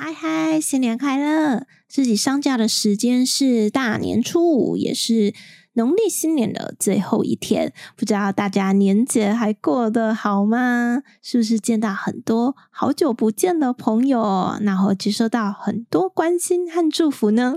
嗨嗨，hi hi, 新年快樂！自己上架的時間是大年初五，也是農曆新年的最後一天。不知道大家年節還過得好嗎？是不是見到很多好久不見的朋友？然後接收到很多關心和祝福呢？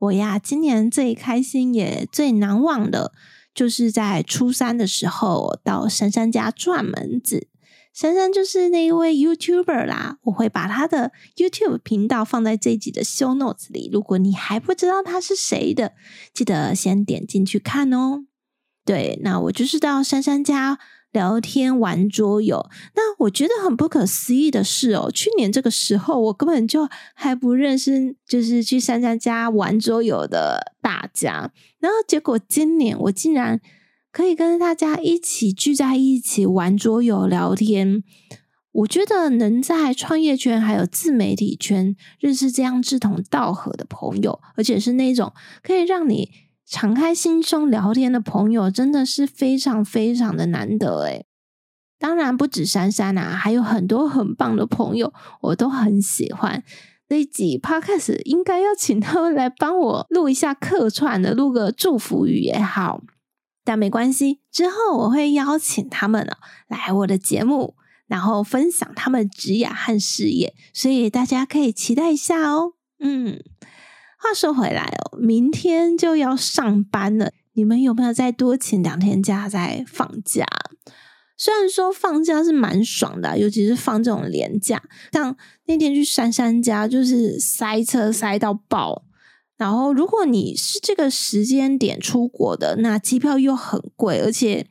我呀，今年最開心也最難忘的就是在初三的時候到珊珊杉杉家串門子。杉杉就是那一位 YouTuber 啦，我會把她的 YouTube 頻道放在這一集的 show notes 裡。如果你還不知道她是誰的，記得先點進去看哦。對，那我就是到杉杉家聊天玩桌遊。那我覺得很不可思議的是哦，去年這個時候我根本就還不認識，就是去杉杉家玩桌遊的大家。然後結果今年我竟然。可以跟大家一起聚在一起玩桌遊、聊天。我覺得能在創業圈還有自媒體圈認識這樣志同道合的朋友，而且是那種可以讓你敞開心胸聊天的朋友，真的是非常非常的難得誒。當然不止珊珊啊，還有很多很棒的朋友，我都很喜歡。那一集 podcast 應該要請他們來幫我錄一下客串的，錄個祝福語也好。但沒關係，之後我會邀請他們來我的節目，然後分享他們職業和事業，所以大家可以期待一下哦。嗯，話說回來哦，明天就要上班了，你們有沒有再多請兩天假再放假？雖然說放假是蠻爽的，尤其是放這種連假，像那天去杉杉家，就是塞車塞到爆。然後，如果你是這個時間點出國的，那機票又很貴，而且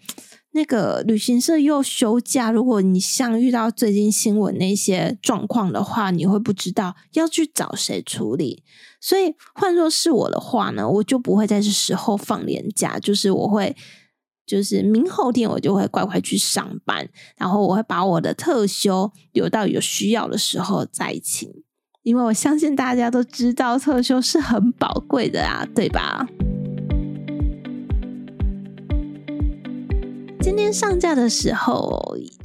那個旅行社又休假。如果你像遇到最近新聞那些狀況的話，你會不知道要去找誰處理。所以，換作是我的話呢，我就不會在這時候放年假，就是我會，就是明後天我就會乖乖去上班，然後我會把我的特休留到有需要的時候再請。因為我相信大家都知道特休是很寶貴的啊，對吧？今天上架的時候，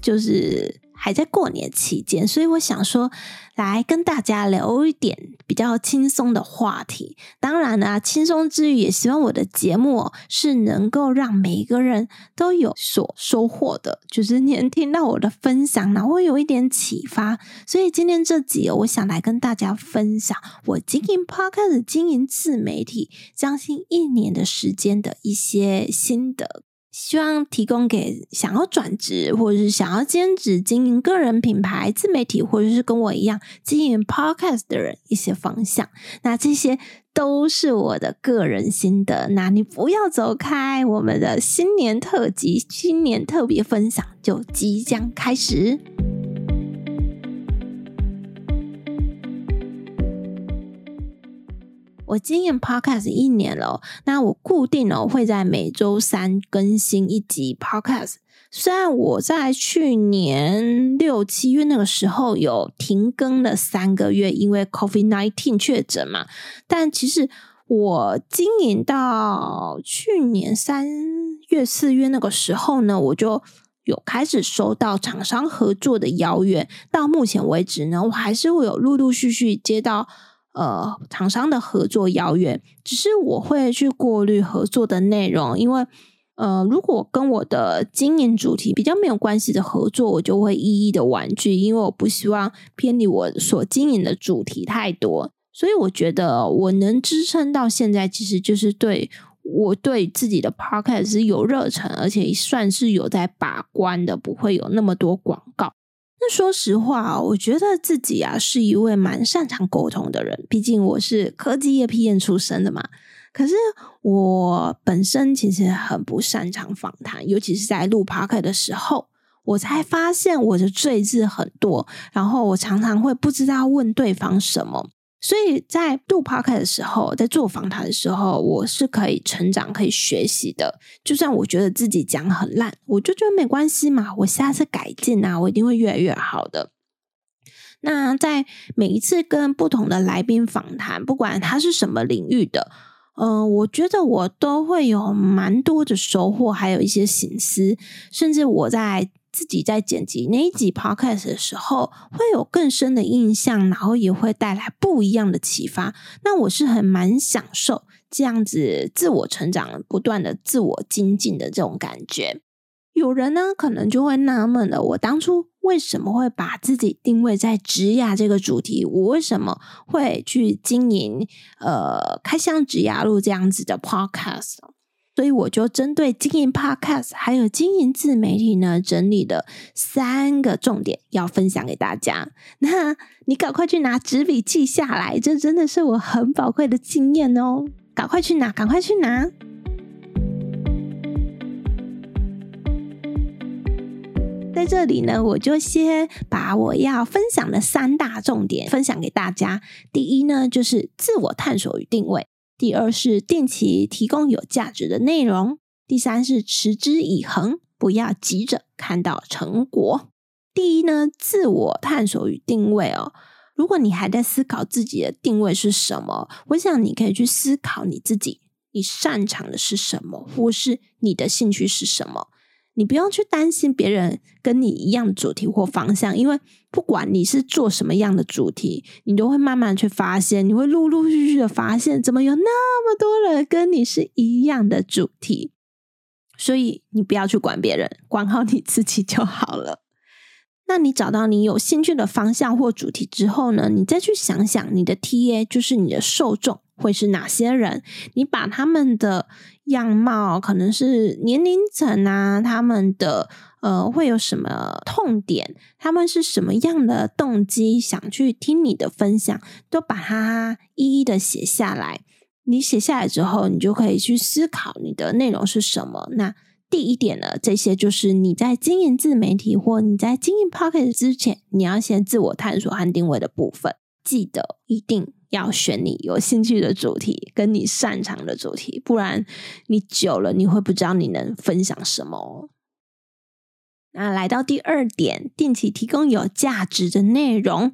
就是。還在過年期間，所以我想說，來跟大家聊一點比較輕鬆的話題。當然了、啊，輕鬆之餘也希望我的節目、哦、是能夠讓每一個人都有所收穫的，就是你能聽到我的分享，然後有一點啟發。所以今天這集，我想來跟大家分享我經營 Podcast 開始經營自媒體，將近一年的時間的一些心得。希望提供給想要轉職或者是想要兼職經營個人品牌、自媒體，或者是跟我一樣經營 Podcast 的人一些方向。那這些都是我的個人心得。那你不要走開，我們的新年特輯、新年特別分享就即將開始。我經營 Podcast 一年了，那我固定哦會在每周三更新一集 Podcast。雖然我在去年六七月那個時候有停更了三個月，因為 COVID-19 確診嘛，但其實我經營到去年三月四月那個時候呢，我就有開始收到廠商合作的邀約。到目前為止呢，我還是會有陸陸續續接到。呃，廠商的合作邀約，只是我會去過濾合作的內容，因為呃，如果跟我的經營主題比較沒有關係的合作，我就會一一的婉拒，因為我不希望偏離我所經營的主題太多。所以我覺得我能支撐到現在，其實就是對我對自己的 Podcast 是有熱忱，而且算是有在把關的，不會有那麼多廣告。說實話，我覺得自己啊是一位蠻擅長溝通的人，畢竟我是科技業 PM 出身的嘛。可是我本身其實很不擅長訪談，尤其是在錄 Podcast 的時候，我才發現我的贅字很多，然後我常常會不知道問對方什麼。所以在錄 podcast 的時候，在做訪談的時候，我是可以成長、可以學習的。就算我覺得自己講很爛，我就覺得沒關係嘛，我下次改進啊，我一定會越來越好的。那在每一次跟不同的來賓訪談，不管他是什麼領域的，嗯、呃，我覺得我都會有蠻多的收穫，還有一些省思，甚至我在。自己在剪輯那一集 Podcast 的時候，會有更深的印象，然後也會帶來不一樣的啟發。那我是很蠻享受這樣子自我成長、不斷的自我精進的這種感覺。有人呢，可能就會納悶了：我當初為什麼會把自己定位在職涯這個主題？我為什麼會去經營呃開箱職涯路這樣子的 Podcast？所以我就針對經營 Podcast 還有經營自媒體呢，整理的三個重點要分享給大家。那你趕快去拿紙筆記下來，這真的是我很寶貴的經驗哦！趕快去拿，趕快去拿。在這裡呢，我就先把我要分享的三大重點分享給大家。第一呢，就是自我探索與定位。第二是定期提供有價值的內容，第三是持之以恆，不要急着看到成果。第一呢，自我探索與定位哦。如果你還在思考自己的定位是什麼，我想你可以去思考你自己，你擅長的是什麼，或是你的興趣是什麼？你不用去擔心別人跟你一樣主題或方向，因為不管你是做什麼樣的主題，你都會慢慢去發現，你會陸陸續續的發現，怎麼有那麼多人跟你是一樣的主題。所以你不要去管別人，管好你自己就好了。那你找到你有興趣的方向或主題之後呢，你再去想想你的 T ATA，就是你的受眾。會是哪些人？你把他們的樣貌，可能是年齡層啊，他們的呃，會有什麼痛點？他們是什麼樣的動機想去聽你的分享？都把它一一的寫下來。你寫下來之後，你就可以去思考你的內容是什麼。那第一點呢，這些就是你在經營自媒體或你在經營 Podcast 之前，你要先自我探索和定位的部分。記得一定要選你有興趣的主題，跟你擅長的主題，不然你久了你會不知道你能分享什麼，喔。那來到第二點，定期提供有價值的內容，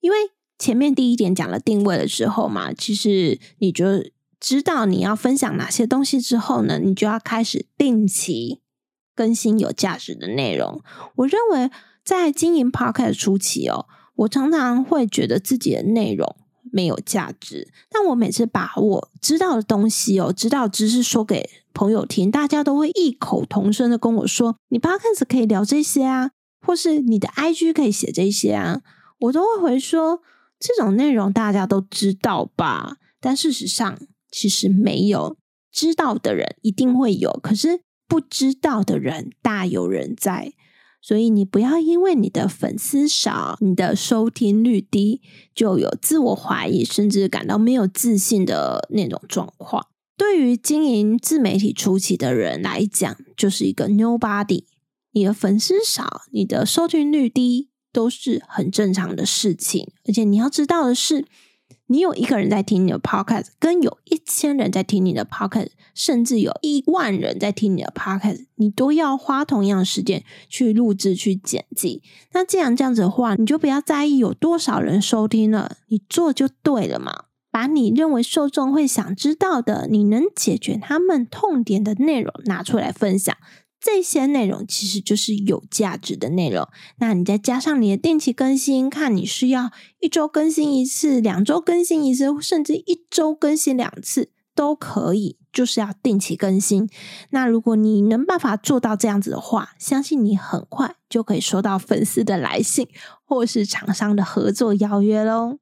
因為前面第一點講了定位了之後嘛，其實你就知道你要分享哪些東西之後呢，你就要開始定期更新有價值的內容。我認為在經營 Podcast 初期哦、喔，我常常會覺得自己的內容，沒有價值，但我每次把我知道的東西哦，知道知識說給朋友聽，大家都會異口同聲的跟我說：“你八 o d 可以聊這些啊，或是你的 IG 可以寫這些啊。”我都會回說：“這種內容大家都知道吧？但事實上，其實沒有知道的人一定會有，可是不知道的人大有人在。”所以你不要因為你的粉絲少、你的收聽率低，就有自我懷疑，甚至感到沒有自信的那種狀況。對於經營自媒體初期的人來講，就是一個 nobody。你的粉絲少、你的收聽率低都是很正常的事情，而且你要知道的是，你有一個人在聽你的 podcast，跟有一千人在聽你的 podcast，甚至有一萬人在聽你的 podcast，你都要花同樣時間去錄製、去剪輯。那既然這樣子的話，你就不要在意有多少人收聽了，你做就對了嘛。把你認為受眾會想知道的、你能解決他們痛點的內容拿出來分享。這些內容其實就是有價值的內容。那你再加上你的定期更新，看你需要一周更新一次、兩周更新一次，甚至一周更新兩次都可以，就是要定期更新。那如果你能辦法做到這樣子的話，相信你很快就可以收到粉絲的來信，或是廠商的合作邀約嘍。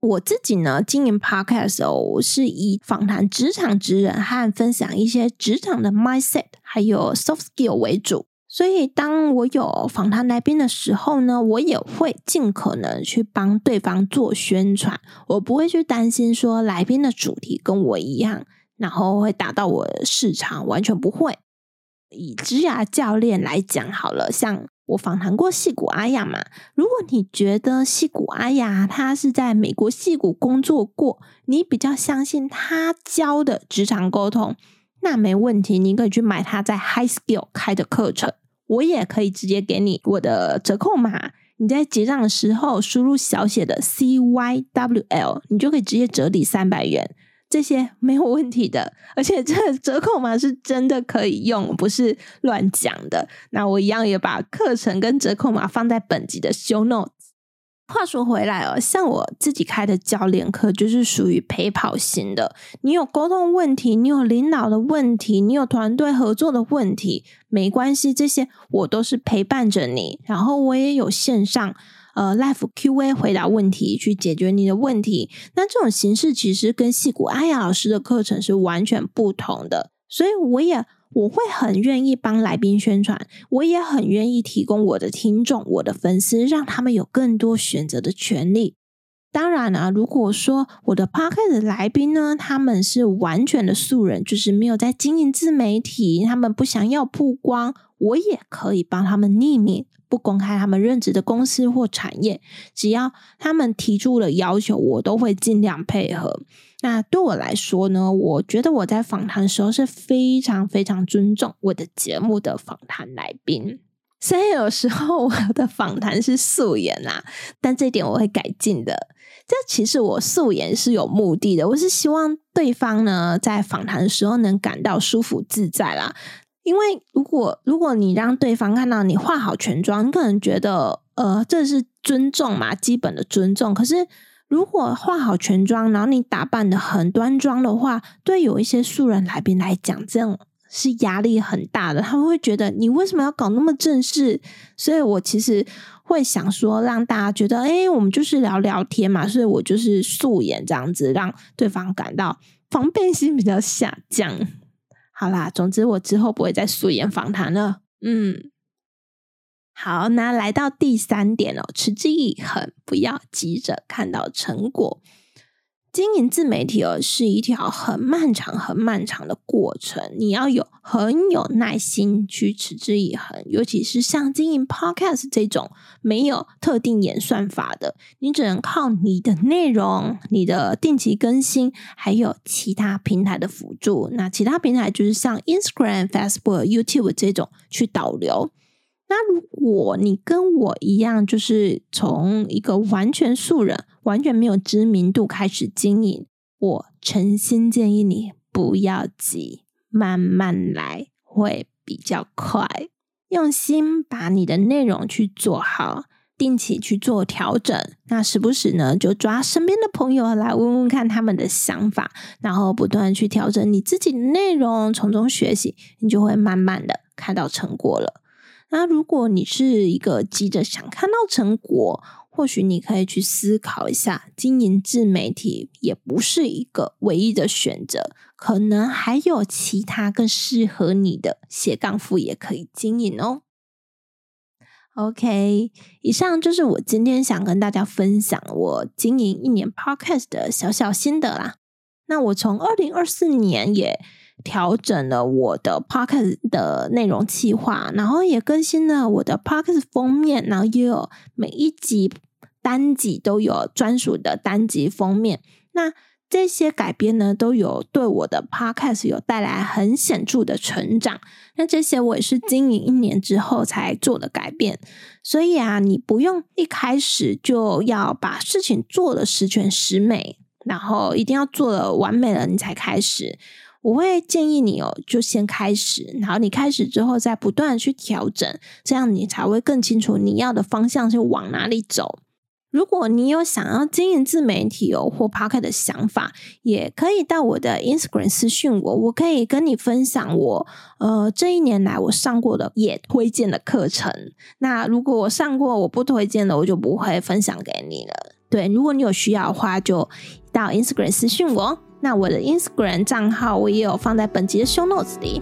我自己呢，經營 Podcast 哦，是以訪談職場職人和分享一些職場的 mindset。還有 soft skill 為主，所以當我有訪談來賓的時候呢，我也會盡可能去幫對方做宣傳。我不會去擔心說來賓的主題跟我一樣，然後會打到我的市場，完全不會。以職涯教練來講好了，像我訪談過矽谷阿雅嘛，如果你覺得矽谷阿雅她是在美國矽谷工作過，你比較相信他教的職場溝通。那沒問題，你可以去買他在 HiSKIO 開的課程，我也可以直接給你我的折扣碼。你在結賬的時候輸入小寫的 CYWL，你就可以直接折抵三百元，這些沒有問題的。而且這折扣碼是真的可以用，不是亂講的。那我一樣也把課程跟折扣碼放在本集的 show notes。話說回來哦，像我自己開的教練課，就是屬於陪跑型的。你有溝通問題，你有領導的問題，你有團隊合作的問題，沒關係，這些我都是陪伴着你。然後我也有線上呃 live Q A 回答問題，去解決你的問題。那這種形式其實跟矽谷阿雅老師的課程是完全不同的，所以我也。我會很願意幫來賓宣傳，我也很願意提供我的聽眾、我的粉絲，讓他們有更多選擇的權利。當然啦、啊，如果說我的 podcast 的來賓呢，他們是完全的素人，就是沒有在經營自媒體，他們不想要曝光，我也可以幫他們匿名。不公開他們任職的公司或產業，只要他們提出了要求，我都會盡量配合。那對我來說呢，我覺得我在訪談的時候是非常非常尊重我的節目的訪談來賓，雖然有時候我的訪談是素顏啦，但這點我會改進的。這其實我素顏是有目的的，我是希望對方呢，在訪談的時候能感到舒服自在啦。因為如果，如果你讓對方看到你化好全妝，你可能覺得呃，這是尊重嘛，基本的尊重。可是如果化好全妝，然後你打扮得很端莊的話，對有一些素人來賓來講，這樣是壓力很大的。他們會覺得你為什麼要搞那麼正式？所以我其實會想說，讓大家覺得，誒、欸、我們就是聊聊天嘛，所以我就是素顏這樣子，讓對方感到防備心比較下降。好啦，總之我之後不會再素顏訪談了。嗯，好，那來到第三點哦，持之以恆，不要急着看到成果。經營自媒體啊，是一條很漫長、很漫長的過程。你要有很有耐心去持之以恆，尤其是像經營 Podcast 這種沒有特定演算法的，你只能靠你的內容、你的定期更新，還有其他平台的輔助。那其他平台就是像 Instagram、Facebook、YouTube 這種去導流。那如果你跟我一樣，就是從一個完全素人。完全沒有知名度，開始經營，我誠心建議你不要急，慢慢來會比較快。用心把你的內容去做好，定期去做調整。那時不時呢，就抓身邊的朋友來問問看他們的想法，然後不斷去調整你自己的內容，從中學習，你就會慢慢的看到成果了。那如果你是一個急着想看到成果，或許你可以去思考一下，經營自媒體也不是一個唯一的選擇，可能還有其他更適合你的斜槓副業也可以經營哦。OK，以上就是我今天想跟大家分享我經營一年 Podcast 的小小心得啦。那我從二零二四年也，調整了我的 Podcast 的內容計劃，然後也更新了我的 Podcast 封面，然後也有每一集單集都有專屬的單集封面。那這些改變呢，都有對我的 Podcast 有帶來很顯著的成長。那這些我也是經營一年之後才做的改變。所以啊，你不用一開始就要把事情做得十全十美，然後一定要做得完美了，你才開始。我會建議你哦，就先開始，然後你開始之後再不斷的去調整，這樣你才會更清楚你要的方向是往哪裡走。如果你有想要經營自媒體哦，或 Podcast 的想法，也可以到我的 Instagram 私訊我，我可以跟你分享我呃，這一年來我上過的也推薦的課程。那如果我上過我不推薦的，我就不會分享給你了。對，如果你有需要的話，就到 Instagram 私訊我。那我的 Instagram 賬號我也有放在本集的 show notes 裡，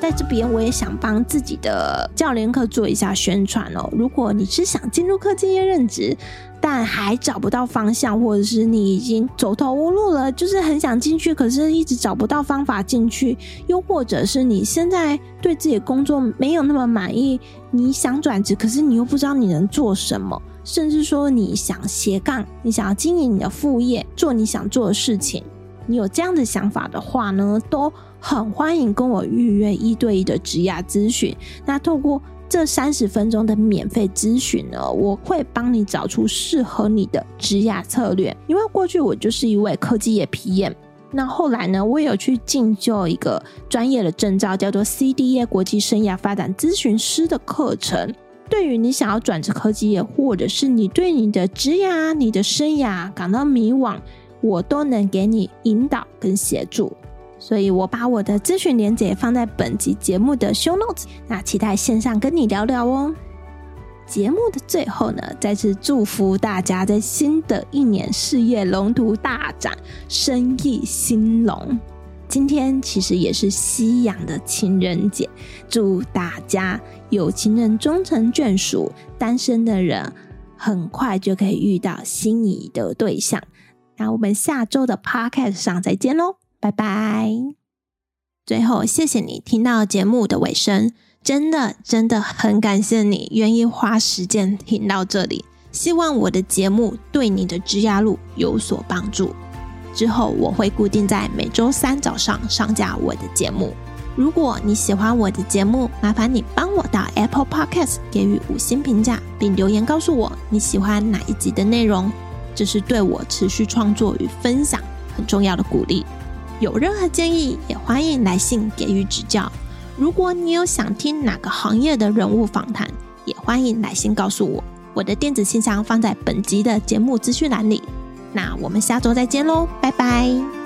在這邊我也想幫自己的教練課做一下宣傳哦。如果你是想進入科技業任職，但還找不到方向，或者是你已經走投無路了，就是很想進去，可是一直找不到方法進去；又或者是你現在對自己工作沒有那麼滿意，你想轉職，可是你又不知道你能做什麼。甚至說你想斜槓，你想要經營你的副業，做你想做的事情，你有這樣的想法的話呢，都很歡迎跟我預約一對一的職涯諮詢。那透過這三十分鐘的免費諮詢呢，我會幫你找出適合你的職涯策略。因為過去我就是一位科技業 PM。那後來呢，我也有去進修一個專業的證照，叫做 CDA 國際生涯發展諮詢師的課程。對於你想要轉職科技業，或者是你對你的職涯、你的生涯感到迷惘，我都能給你引導跟協助。所以我把我的諮詢連結放在本集節目的 show notes，那期待線上跟你聊聊哦。節目的最後呢，再次祝福大家在新的一年事業龍圖大展，生意興隆。今天其實也是西洋的情人節，祝大家有情人終成眷屬，單身的人很快就可以遇到心儀的對象。那我們下周的 Podcast 上再見嘍，拜拜！最後，謝謝你聽到節目的尾聲，真的真的很感謝你願意花時間聽到這裡，希望我的節目對你的職涯路有所幫助。之後我會固定在每周三早上上架我的節目。如果你喜歡我的節目，麻煩你幫我到 Apple Podcast 給予五星評價，並留言告訴我你喜歡哪一集的內容。這是對我持續創作與分享很重要的鼓勵。有任何建議，也歡迎來信給予指教。如果你有想聽哪個行業的人物訪談，也歡迎來信告訴我。我的電子信箱放在本集的節目資訊欄裡。那我們下周再見嘍，拜拜。